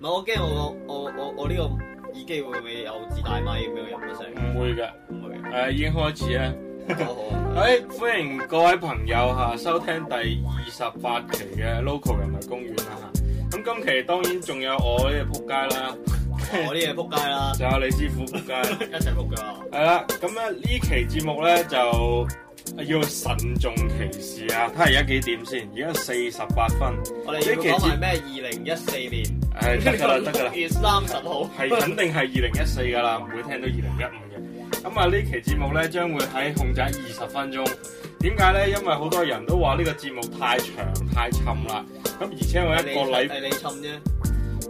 唔係我驚我我我我呢個耳機會唔會有支大麥咁樣入咗聲？唔會嘅，唔會嘅、呃。已經開始呢，好 好、哎。歡迎各位朋友嚇收聽第二十八期嘅 Local 人類公園啦，咁今期當然仲有我呢嘢仆街啦，我呢嘢仆街啦，仲 有李師傅仆街， 一齊仆㗎嘛。係啦，咁咧呢期節目咧就～要慎重其事啊！睇下而家幾點先，而家四十八分。我哋要講埋咩？二零一四年，係得噶啦，得噶啦。月三十號係肯定係二零一四噶啦，唔會聽到二零一五嘅。咁啊，呢期節目咧將會喺控制二十分鐘。點解咧？因為好多人都話呢個節目太長太沉啦。咁而且我一個禮拜。係你，係你沉啫。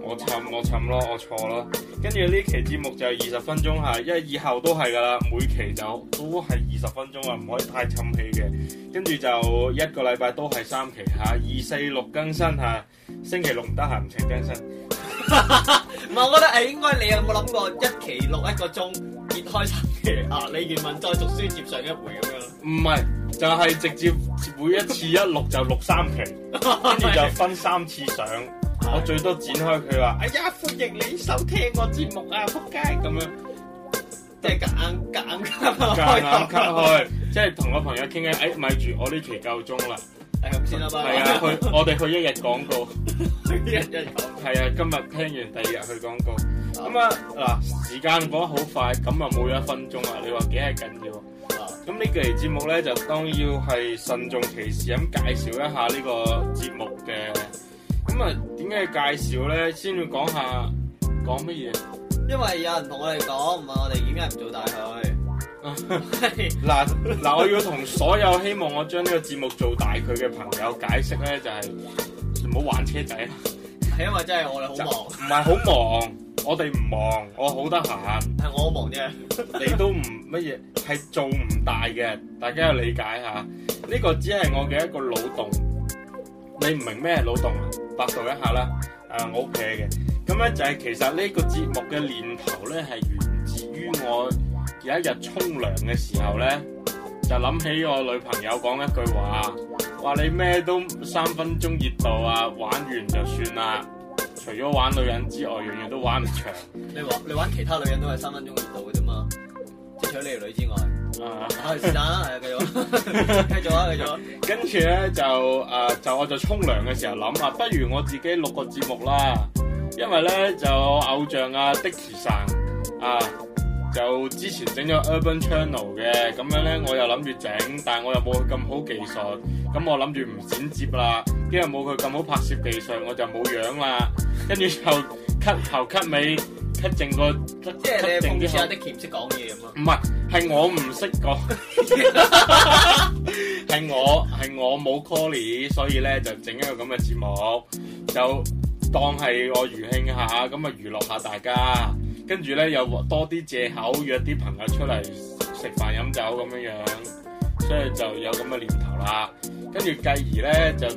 我沉，我沉咯，我錯咯。跟住呢期節目就係二十分鐘吓，因為以後都係噶啦，每期就都係二十分鐘啊，唔可以太沉氣嘅。跟住就一個禮拜都係三期吓，二四六更新吓，星期六唔得閒唔請更新。唔 係，我覺得誒，應該你有冇諗過一期錄一個鐘，結開三期，啊？你原文再讀書接上一回咁樣。唔係，就係、是、直接每一次一錄就錄三期，跟 住就分三次上。 我最多展開佢話，哎呀，歡迎你收聽我節目啊！仆街咁樣，即係夾硬夾硬級開頭，即係同個朋友傾偈。哎，咪住，我呢期夠鐘啦。係咁先啦嘛。係啊，去我哋去一日廣告。一日一日廣告。係啊，今日聽完第二日去廣告。咁啊，嗱，時間過得好快，咁啊冇咗一分鐘啊，你話幾係緊要。啊，咁呢期節目咧就當要係慎重其事咁介紹一下呢個節目嘅。咁啊，點解要介紹咧？先要講下講乜嘢？因為有人同我哋講，唔係我哋點解唔做大佢？嗱 嗱、 啊啊，我要同所有希望我將呢個節目做大佢嘅朋友解釋咧，就係唔好玩車仔啦。係因為真係我哋好忙，唔係好忙，我哋唔忙，我好得閒。係我好忙啫， 你都唔乜嘢，係做唔大嘅，大家要理解一下，呢、呢個只係我嘅一個腦洞，你唔明咩腦洞？百度一下啦，誒、嗯、我屋企嘅，咁咧就係其實呢個節目嘅念頭咧，係源自於我有一日沖涼嘅時候咧，就諗起我女朋友講一句話，話你咩都三分鐘熱度啊，玩完就算啦，除咗玩女人之外，樣樣都玩唔長。你玩，你玩其他女人都係三分鐘熱度嘅啫嘛。除咗你條女之外，啊，是但啦，係 繼續，繼續啦，繼續。跟住咧就誒、呃，就我就沖涼嘅時候諗啊，不如我自己錄個節目啦。因為咧就偶像啊 Dickson 啊，就之前整咗 Urban Channel 嘅，咁樣咧我又諗住整，但係我又冇咁好技術，咁我諗住唔剪接啦。因為冇佢咁好拍攝技術，我就冇樣啦。跟住就 cut 頭 cut 尾。整個即係你碰上啲唔識講嘢咁啊？唔係，係我唔識講，係我係我冇 call 你，所以咧就整一個咁嘅節目，就當係我娛慶下，咁啊娛樂下大家。跟住咧又多啲藉口約啲朋友出嚟食飯飲酒咁樣樣，所以就有咁嘅念頭啦。跟住繼而咧就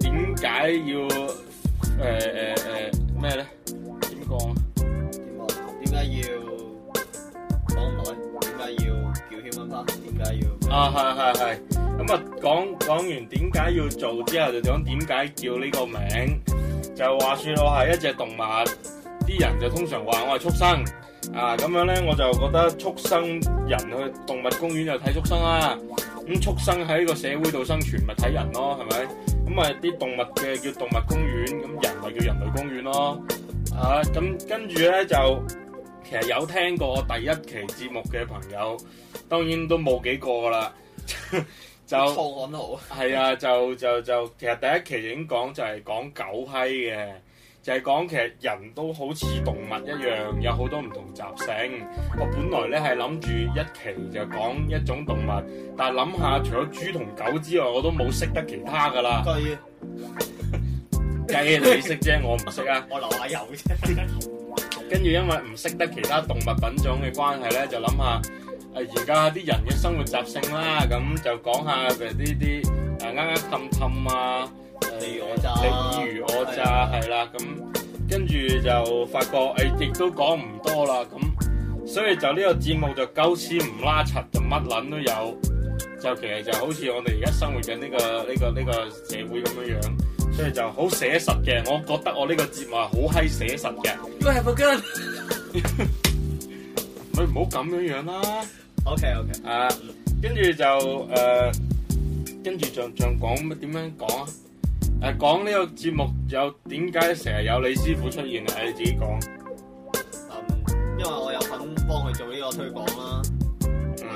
點解要誒誒誒咩咧？要講耐，點解要叫謙蚊花？點解要？啊，係係係，咁啊講講完點解要做之後，就講點解叫呢個名？就話說我係一隻動物，啲人就通常話我係畜生，啊咁樣咧，我就覺得畜生人去動物公園就睇畜生啦，咁畜生喺個社會度生存咪睇人咯，係咪？咁啊啲動物嘅叫動物公園，咁人咪叫人類公園咯，啊咁跟住咧就。其實有聽過第一期節目嘅朋友，當然都冇幾個啦。就錯案都好，係啊，就就就，其實第一期已經講就係講狗閪嘅，就係講其實人都好似動物一樣，有好多唔同習性。我本來咧係諗住一期就講一種動物，但係諗下除咗豬同狗之外，我都冇識得其他噶啦。雞雞你識啫，我唔識啊。我留下油啫。跟住，因為唔識得其他動物品種嘅關係咧，就諗下誒而家啲人嘅生活習性啦，咁就講下譬如呢啲誒啱啱氹氹啊，啊啊啊哼哼哼呀你如我詐，你如我詐，係啦、啊，咁跟住就發覺誒，亦都講唔多啦，咁、嗯、所以就呢個節目就鳩屎唔拉柒，就乜撚都有，就其實就好似我哋而家生活緊呢、這個呢、這個呢、這個社會咁樣樣。即係就好寫實嘅，我覺得我呢個節目係好閪寫實嘅。啊、我 你係個 gun，你唔好咁樣樣、啊、啦。OK OK 啊、呃啊。啊，跟住就誒，跟住像像講乜點樣講啊？誒，講呢個節目有點解成日有李師傅出現啊？誒，你自己講、嗯。因為我有份幫佢做呢、呢個推廣啦，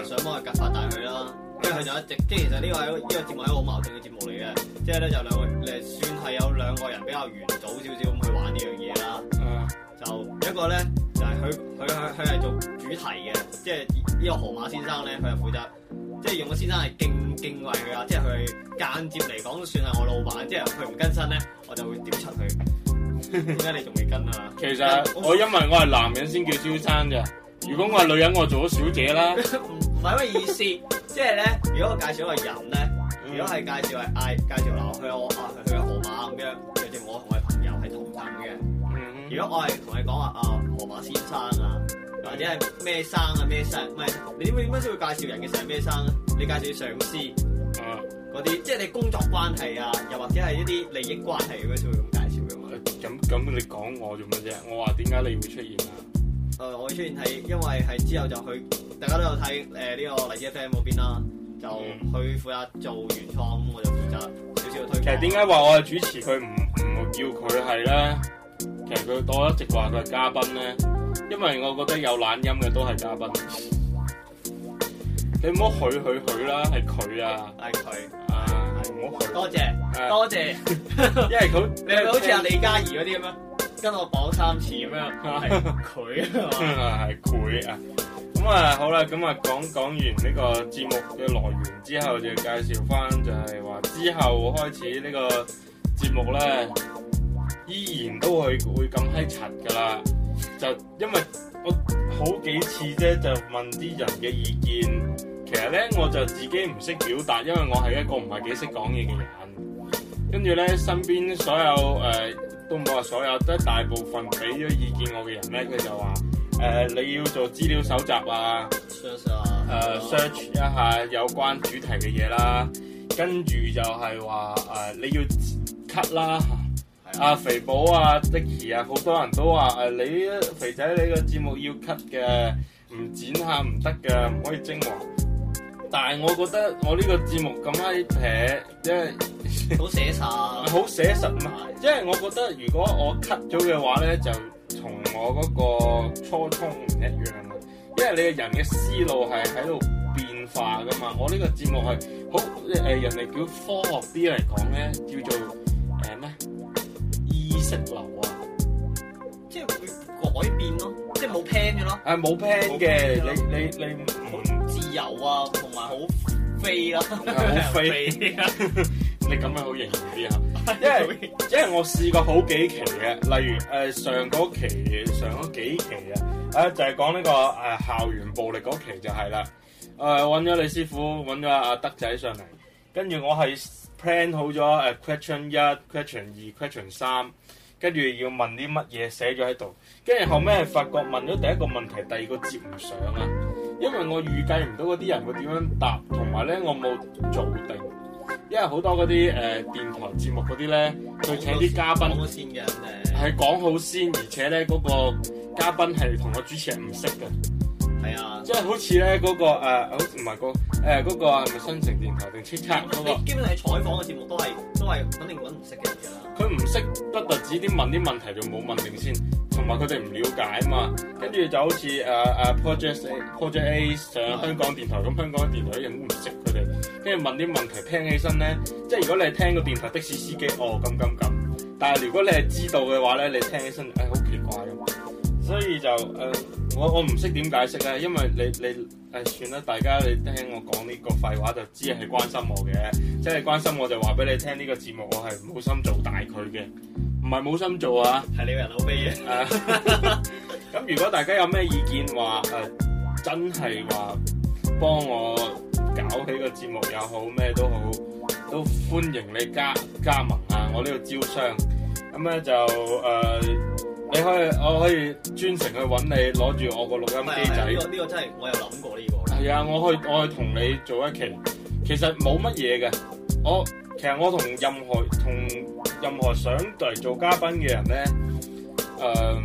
想幫佢夾大佢啦。佢就一直，即係其實呢個呢個節目係一個好矛盾嘅節目嚟嘅，即係咧就兩個，誒算係有兩個人比較元祖少少咁去玩呢樣嘢啦。就一個咧就係佢佢佢佢係做主題嘅，即係呢個河馬先生咧，佢係負責，即係用個先生係敬敬畏佢啊，即係佢間接嚟講算係我老闆，即係佢唔更新咧，我就會屌柒佢。點 解你仲未跟啊？其實我因為我係男人先叫招生嘅，如果我係女人，我做咗小姐啦。唔係咩意思？即係咧，如果我介紹一個人咧，如果係介紹係嗌介紹劉向我話佢係河馬咁樣，直接我同佢朋友係同等嘅。嗯嗯，如果我係同你講話啊河馬先生啊，或者係咩生啊咩生，唔係你點會點解先會介紹人嘅時候咩生咧、啊？你介紹上司啊嗰啲，即、嗯、係、就是、你工作關係啊，又或者係一啲利益關係咁、啊、樣先會咁介紹嘅嘛？咁咁你講我做乜啫？我話點解你唔會出現啊？誒、呃，我會出現係因為係之後就去。大家都有睇呢、呃呢個荔枝 FM 嗰邊啦，就佢負責做原創，咁我就負責少少推。其實點解話我係主持，佢唔唔叫佢係咧？其實佢多一直話佢係嘉賓咧，因為我覺得有懶音嘅都係嘉賓。你唔好佢佢佢啦，係佢啊，係佢啊，係唔好佢多謝，多謝。啊、多謝 因為佢你好似阿李嘉怡嗰啲咁樣，跟我講三次咁樣，係佢呀，係佢啊。 他 咁啊，好啦，咁啊，講講完呢個節目嘅來源之後，介紹就介紹翻就係話之後開始這個節呢個節目咧，依然都係會咁閪柒噶啦。就因為我好幾次啫，就問啲人嘅意見，其實咧我就自己唔識表達，因為我係一個唔係幾識講嘢嘅人。跟住咧，身邊所有誒，都冇好話所有，即、呃、係大部分俾咗意見我嘅人咧，佢就話。誒、呃，你要做資料搜集啊？search 誒，search 一下有關主題嘅嘢啦。跟住就係話誒，你要 cut 啦。阿肥寶啊，Dicky 啊，好、啊、多人都話誒、呃，你肥仔你個節目要 cut 嘅，唔剪下唔得嘅，唔可以精華。但係我覺得我呢個節目咁閪平，即係好寫實，好 寫實嘛。即係。我覺得如果我 cut 咗嘅話咧，就同我嗰個初衷唔一樣，因為你嘅人嘅思路係喺度變化噶嘛。我呢個節目係好誒，人哋叫科學啲嚟講咧，叫做誒咩意識流啊，即係會改變咯、啊，即係冇 plan 嘅咯、啊。係、啊、冇 plan 嘅，你你你，你，你自由啊，同埋好飛啦，好 飛 很 fay  fay、啊、 你咁樣好型啲啊！ 因為因為我試過好幾期嘅，例如誒、呃、上嗰期上嗰幾期啊，誒、呃、就係講呢個誒、呃、校園暴力嗰期就係啦，誒、呃、揾咗李師傅揾咗阿德仔上嚟，跟住我係 plan 好咗誒 question 一 question 二 question 三，跟住要問啲乜嘢寫咗喺度，跟住後尾發覺問咗第一個問題，第二個接唔上啊，因為我預計唔到嗰啲人會點樣答，同埋咧我冇做定。因為好多嗰啲誒電台節目嗰啲咧，佢請啲嘉賓係講好先，而且咧嗰、嗰個嘉賓係同個主持人唔識嘅，係啊，即、就、係、係、好似咧嗰個誒，唔、呃、係、嗰個誒嗰、呃嗰個係咪新城電台定叱吒嗰、嗰個、基本上，採訪嘅節目都係都係肯定揾唔識嘅嘢啦。佢唔識，不特止啲問啲問，問題就冇問定先，同埋佢哋唔了解啊嘛。跟住就好似誒誒 Project Project A 上香港電台咁，香港電台人都唔識佢哋。跟住問啲問題，聽起身咧，即係如果你係聽個電台的士司機哦咁咁咁，但係如果你係知道嘅話咧，你聽起身誒好奇怪嘅，所以就誒、呃、我我唔識點解釋咧，因為你你誒、哎、算啦，大家你聽我講呢個廢話就知係關心我嘅，即係關心我就話俾你聽呢、這個節目我係冇心做大佢嘅，唔係冇心做啊，係你個人好悲啊。咁、啊、 如果大家有咩意見話誒、呃，真係話幫我。搞起個節目又好，咩都好，都歡迎你加加盟啊！我呢度招商，咁咧就誒、呃，你可以我可以專程去揾你，攞住我個錄音機仔。呢、啊啊這個呢、這個真係，我有諗過呢、這個。係啊，我去我去同你做一期，其實冇乜嘢嘅。我其實我同任何同任何想嚟做嘉賓嘅人咧，誒、呃，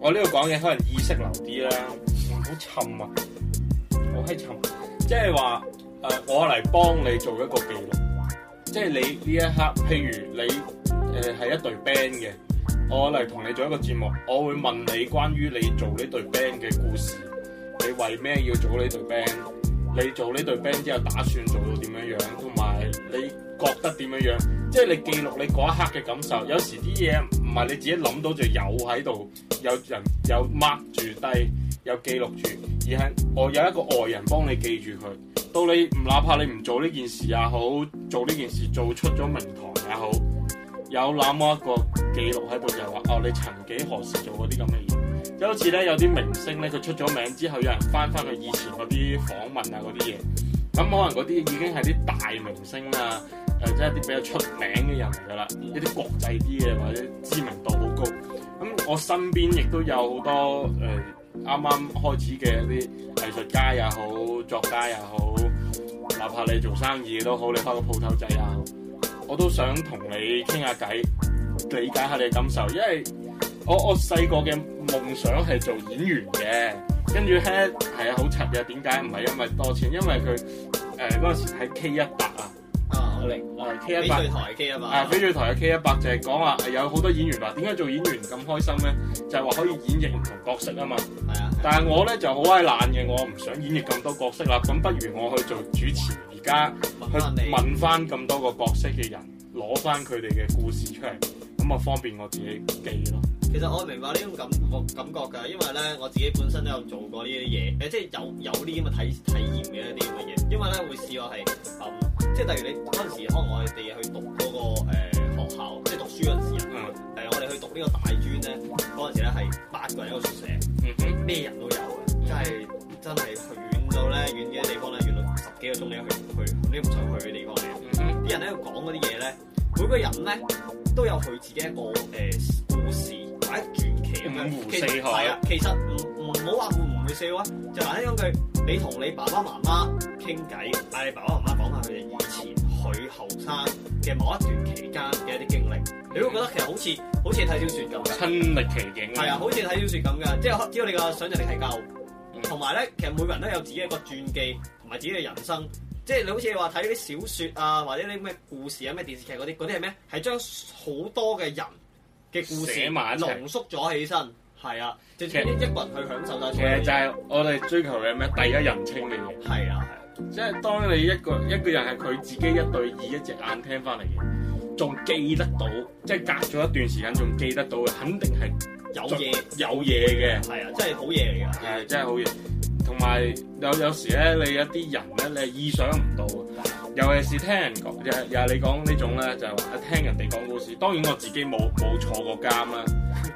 我呢度講嘢可能意識流啲啦，好沉穩，我閪沉。即係話，誒、呃，我嚟幫你做一個記錄。即係你呢一刻，譬如你誒係、呃、一隊 band 嘅，我嚟同你做一個節目，我會問你關於你做呢隊 band 嘅故事。你為咩要做呢隊 band？你做呢隊 band 之後打算做到點樣樣，同埋你覺得點樣樣？即係你記錄你嗰一刻嘅感受，有時啲嘢唔係你自己諗到就有喺度，有人有 mark 住低，有記錄住，而係我有一個外人幫你記住佢。到你唔哪怕你唔做呢件事也好，做呢件事做出咗名堂也好，有那麼一個記錄喺度就係話哦，你曾幾何時做過啲咁嘅嘢，就好似咧有啲明星咧，佢出咗名之後，有人翻翻去以前嗰啲訪問啊嗰啲嘢，咁可能嗰啲已經係啲大明星啊。誒即係一啲比較出名嘅人嚟噶啦，一啲國際啲嘅或者知名度好高。咁我身邊亦都有很多、呃、好多誒啱啱開始嘅一啲藝術家又好，作家又好，哪怕你做生意都好，你開個鋪頭仔又好，我都想同你傾下偈，理解下你嘅感受。因為我我細個嘅夢想係做演員嘅，跟住咧係啊好柒嘅，點解唔係因為多錢？因為佢誒嗰陣時喺 K 一百啊。啊！K 一百，翡翠台 K 啊嘛，啊！翡翠台嘅 K 一百就係講話有好多演員，話點解做演員咁開心咧？就係、是、話可以演繹唔同角色啊嘛。係啊。但係我咧就好鬼懶嘅，我唔想演繹咁多角色啦。咁不如我去做主持，而家去問翻咁多個角色嘅人，攞翻佢哋嘅故事出嚟，咁啊方便我自己記咯。其實我明白呢種感感覺㗎，因為咧我自己本身都有做過呢啲嘢，誒即係有有啲咁嘅體體驗嘅一啲咁嘅嘢。因為咧會試過係即係例如你嗰陣時，可能我哋去讀嗰、那個誒、呃、學校，即係讀書嗰陣時啊。誒、mm -hmm.，我哋去讀呢個大專咧，嗰陣時咧係八個人一個宿舍，咩、mm -hmm. 人都有嘅，mm -hmm. 真係真係遠到咧，遠嘅地方咧，遠到十幾個鐘都要去，你唔想去嘅地方嚟。啲、mm -hmm. 人喺度講嗰啲嘢咧，每個人咧都有佢自己一個誒、呃、故事或者傳奇咁樣。五湖四海啊！其實唔唔好話會唔會笑啊，就難聽講句。你同你爸爸媽媽傾偈，嗌你爸爸媽媽講下佢哋以前佢後生嘅某一段期間嘅一啲經歷、嗯，你會覺得其實好似好似睇小説咁嘅，親歷其境嘅，係啊，好似睇小説咁嘅，即係只要你個想象力夠。同埋咧，其實每個人都有自己一個傳記同埋自己嘅人生，即係你好似話睇啲小説啊，或者啲咩故事啊，咩電視劇嗰啲，嗰啲係咩？係將好多嘅人嘅故事嘛濃縮咗起身。係啊、即係，其實一一個人去享受，但係其實就係我哋追求嘅咩第一人稱嘅嘢。係啊係，即係當你一個一個人係佢自己一對耳一隻眼聽翻嚟嘅，仲記得到，即、就、係、係、隔咗一段時間仲記得到嘅，肯定係有嘢有嘢嘅。係啊，真係好嘢嚟㗎。係、啊、真係好嘢，同埋有有，有時咧，你一啲人咧，你係意想唔到，尤其是聽人講，又又你講這種呢種咧，就係、說聽人哋講故事。當然我自己冇冇坐過監啦。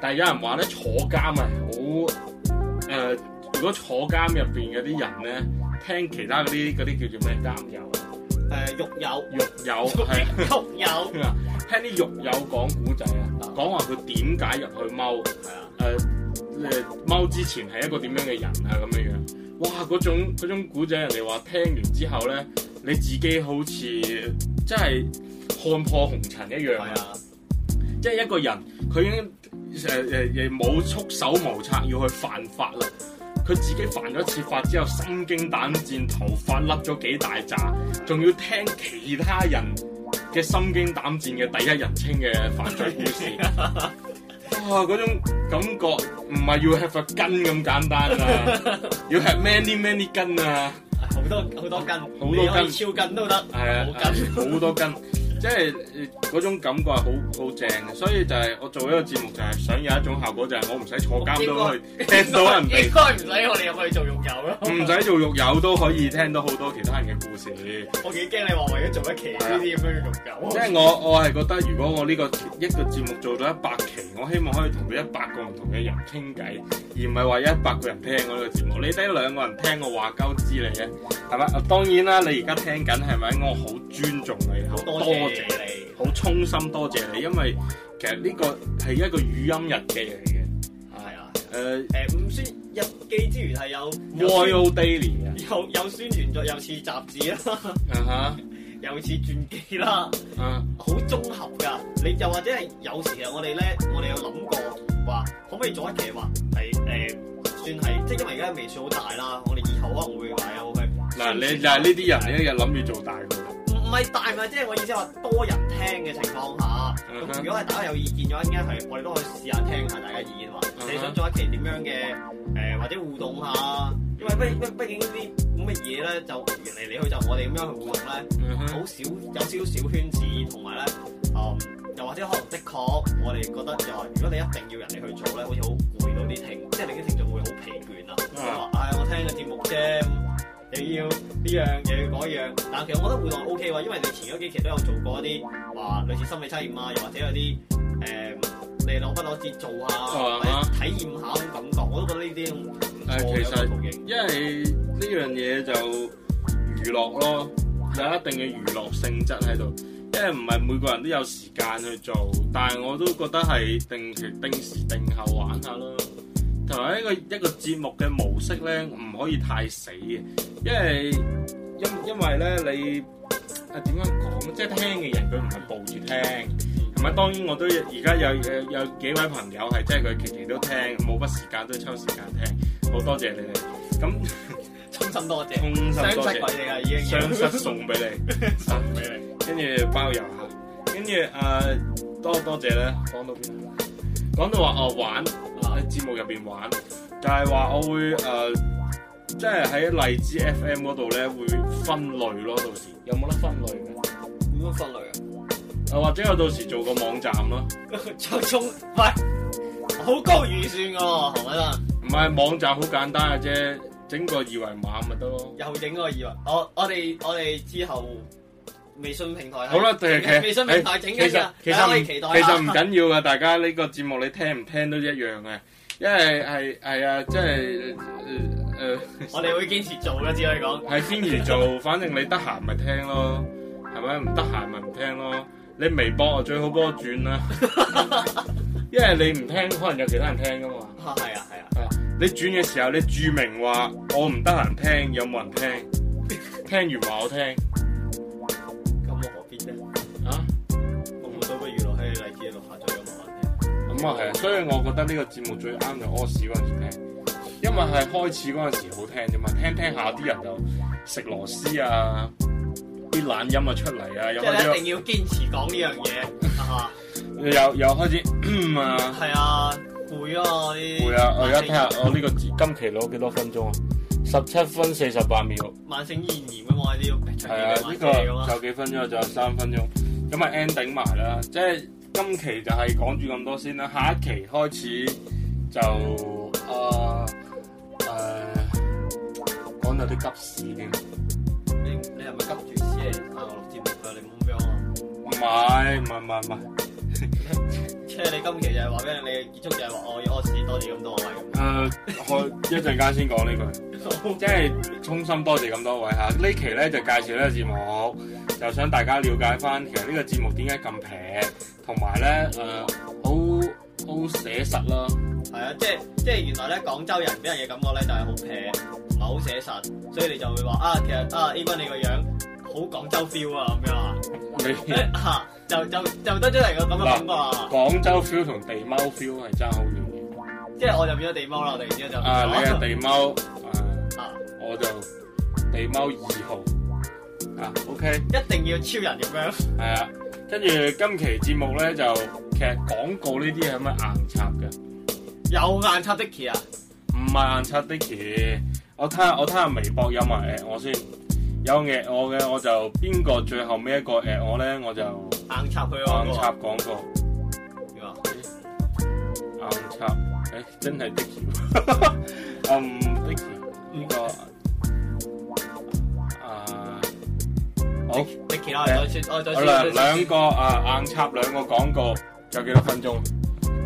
係，有人話咧坐監咪好誒？如果坐監入邊嗰啲人咧，聽其他嗰啲啲叫做咩監友誒，獄友、啊，獄友係獄友，聽啲獄友講古仔啊，講話佢點解入去踎係啊？誒誒，踎之前係一個點樣嘅人啊？咁樣樣哇，嗰種嗰種古仔，人哋話聽完之後咧，你自己好似真係看破紅塵一樣，即係、就是、一個人佢已經。誒誒誒冇束手無策要去犯法啦！佢自己犯咗次法之後，心驚膽戰，頭髮甩咗幾大扎，仲要聽其他人嘅心驚膽戰嘅第一人稱嘅犯罪故事。 哇！嗰種感覺唔係要吃個根咁簡單啊，要 吃 many many 根啊！好多好多根，多根可以超根都得。係啊，好、哎哎、多根。即係嗰種感覺係好好正嘅，所以就係我做一個節目就係想有一種效果，就係、是、我唔使坐監都可以，可以聽到人哋。應該唔使我哋又去做獄友咯。唔使做獄友都可以聽到好多其他人嘅故事。我幾驚你話為咗做一期呢啲咁樣嘅獄友。即係、就是、我我係覺得如果我呢、這個一個節目做到一百期，我希望可以同到一百個唔同嘅人傾偈。而唔係話一百個人聽我呢個節目，你得兩個人聽我話鳩知你嘅，係咪？當然啦，你而家聽緊係咪？我好尊重你，好多，多謝你，好衷心多謝你，因為其實呢個係一個語音日記嚟嘅。係啊，誒誒、啊，唔算日記之餘係有 audio diary 嘅，又又宣傳咗又似雜誌啦，啊又似傳記啦，啊，好綜合㗎。你又或者係有時啊，我哋咧，我哋有諗過。話可唔可以做一期話係誒算係，即係因為而家微視好大啦，我哋以後可能會係 OK。嗱、啊，你就係呢啲人，你一日諗住做大的？唔唔係大，唔係即係我意思話多人聽嘅情況下，嗯、如果係大家有意見嘅話，點解係我哋都可以試下聽下大家意見話，嗯、你想做一期點樣嘅誒、呃、或者互動下？因為畢畢畢竟呢啲乜嘢咧，就嚟嚟去去就我哋咁樣去互動咧，好、嗯、少有少少圈子同埋咧。嗯、又或者可能的確，我哋覺得又係，如果你一定要人哋去做咧，好似好攰到啲聽，即係啲聽眾會好疲倦啊！即係話，唉、哎，我聽啲節目啫，又要呢樣又要嗰樣，但其實我覺得互動 O K 喎，因為你前嗰幾期都有做過一啲話，類似心理測驗啊，又或者有啲誒、嗯，你攞筆攞紙做下，啊、體驗下嗰種感覺，我都覺得呢啲唔錯嘅途徑。因為呢樣嘢就娛樂咯，有一定嘅娛樂性質喺度。即係唔係每個人都有時間去做，但係我都覺得係定期、定時、定候玩下咯。同埋一個一個節目嘅模式咧，唔可以太死嘅，因為因因為咧你啊點樣講？即係聽嘅人，佢唔係抱住聽，同埋當然我都而家有有有幾位朋友係即係佢期期都聽，冇乜時間都抽時間聽，好多謝你哋咁。衷心多謝，衷心多謝你啊！已經雙失送俾你， 送俾你，跟住包郵吓，跟住誒多多謝咧。講到邊？講到話哦、呃、玩喺節目入邊玩，就係、是、話我會誒，即係喺荔枝 FM 嗰度咧會分類咯。到時有冇得分類嘅？點樣分類啊？啊或者我到時做個網站咯。抽 中喂，好高預算哦、啊，係咪？唔係網站好簡單嘅啫。整個二維碼咪得咯，又整個二維碼，我我哋我哋之後微信平台好啦，微信平台整嘅啫，其實唔緊要噶，大家呢、 這個節目你聽唔聽都一樣嘅，因係係係啊，即係誒，我哋會堅持做啦，只可以講係堅持做， 反正你得閒咪聽咯，係咪？唔得閒咪唔聽咯，你微博我最好幫我轉啦、啊， 因為你唔聽可能有其他人聽噶嘛，係啊係啊。是啊是啊 你轉嘅時候，你注明話我唔得閒聽，有冇人聽？聽完話我聽，咁我何必聽？啊？嗯、我唔多不娛落荔枝喺度下載音樂聽。咁啊係啊，所以我覺得呢個節目最啱就屙屎嗰陣聽，因為係開始嗰陣時好聽啫嘛，聽聽下啲人就食螺絲啊，啲懶音啊出嚟啊，有冇？一定要堅持講呢樣嘢。又、嗯、又、啊、 開始、嗯、啊！係啊！會啊！會啊，看看我而家睇下我呢個今期攞幾多少分鐘啊？十七分四十八秒。慢性咽炎咁呢度。係、這個、啊，呢、這個仲有幾分鐘就仲有三分鐘，咁啊 ending 埋啦。即係今期就係講住咁多先啦，下一期開始就啊誒講有啲急事添。你你係咪急住先啊？六千目標啊？唔係唔係唔係。 即係你今期就係話俾你，嘅結束就係話、哦、我要我自己多謝咁多位咁。誒、呃，我一陣間先講呢句，即 係衷心多謝咁多位吓。期呢期咧就介紹呢個節目，就想大家了解翻，其實個節呢個節目點解咁平，同埋咧誒，好好寫實咯。係啊，即係即係原來咧，廣州人俾人嘅感覺咧就係好平，唔係好寫實，所以你就會話啊，其實啊，A 君你個樣。好廣州 feel 啊咁樣，吓、啊？就就就得出嚟個咁嘅感覺。廣州 feel 同地貓 feel 係爭好遠嘅。即係我就變咗地貓啦，我哋突然之間就。啊，你係地貓，啊，我就、啊、地貓二號，啊，OK，一定要超人咁樣。係啊，跟 住今期節目咧就其實廣告呢啲係咩硬插嘅。有硬插 Dicky 啊？唔係硬插 Dicky，我睇下我睇下微博有埋我先。有夾我嘅，我就邊個最後尾一個夾我咧，我就硬插佢。硬插廣告。硬插，誒，真係的，啊，我唔的呢個啊，好，我再，我再。好啦，兩個啊硬插兩個廣告，有幾多分鐘？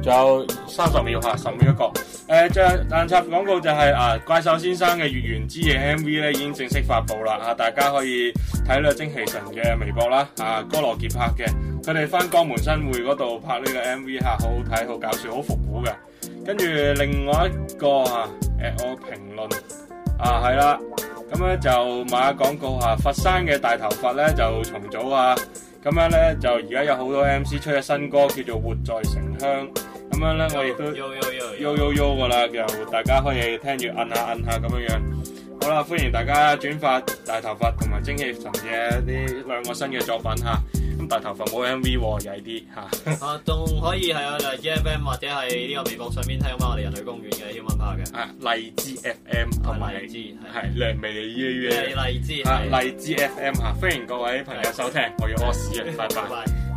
仲有三十秒吓，十秒一個。誒，最後彈插廣告就係啊，怪獸先生嘅月圓之夜 M V 咧已經正式發布啦吓，大家可以睇下精氣神嘅微博啦吓，哥羅杰拍嘅，佢哋翻江門新會嗰度拍呢個 M V 吓，好好睇，好搞笑，好復古嘅。跟住另外一個啊，誒，我評論啊係啦，咁咧就買下廣告吓，佛山嘅大頭佛咧就重組啊，咁樣咧就而家有好多 M C 出咗新歌，叫做《活在城鄉》。咁樣咧，我亦都喐喐喐噶啦，又大家可以聽住，摁下摁下咁樣樣。好啦，歡迎大家轉發《大頭髮》同埋《精氣神嘅》呢兩個新嘅作品嚇。咁《大頭髮》冇 M V 喎，曳啲嚇。啊，仲可以係啊？就荔枝 F M 或者係呢個微博上面睇翻我哋《人類公園》嘅英文版嘅。啊，荔枝 F M 同埋，荔枝，係荔枝。啊，荔枝 F M 嚇，歡迎各位朋友收聽。我要屙屎啊，拜拜。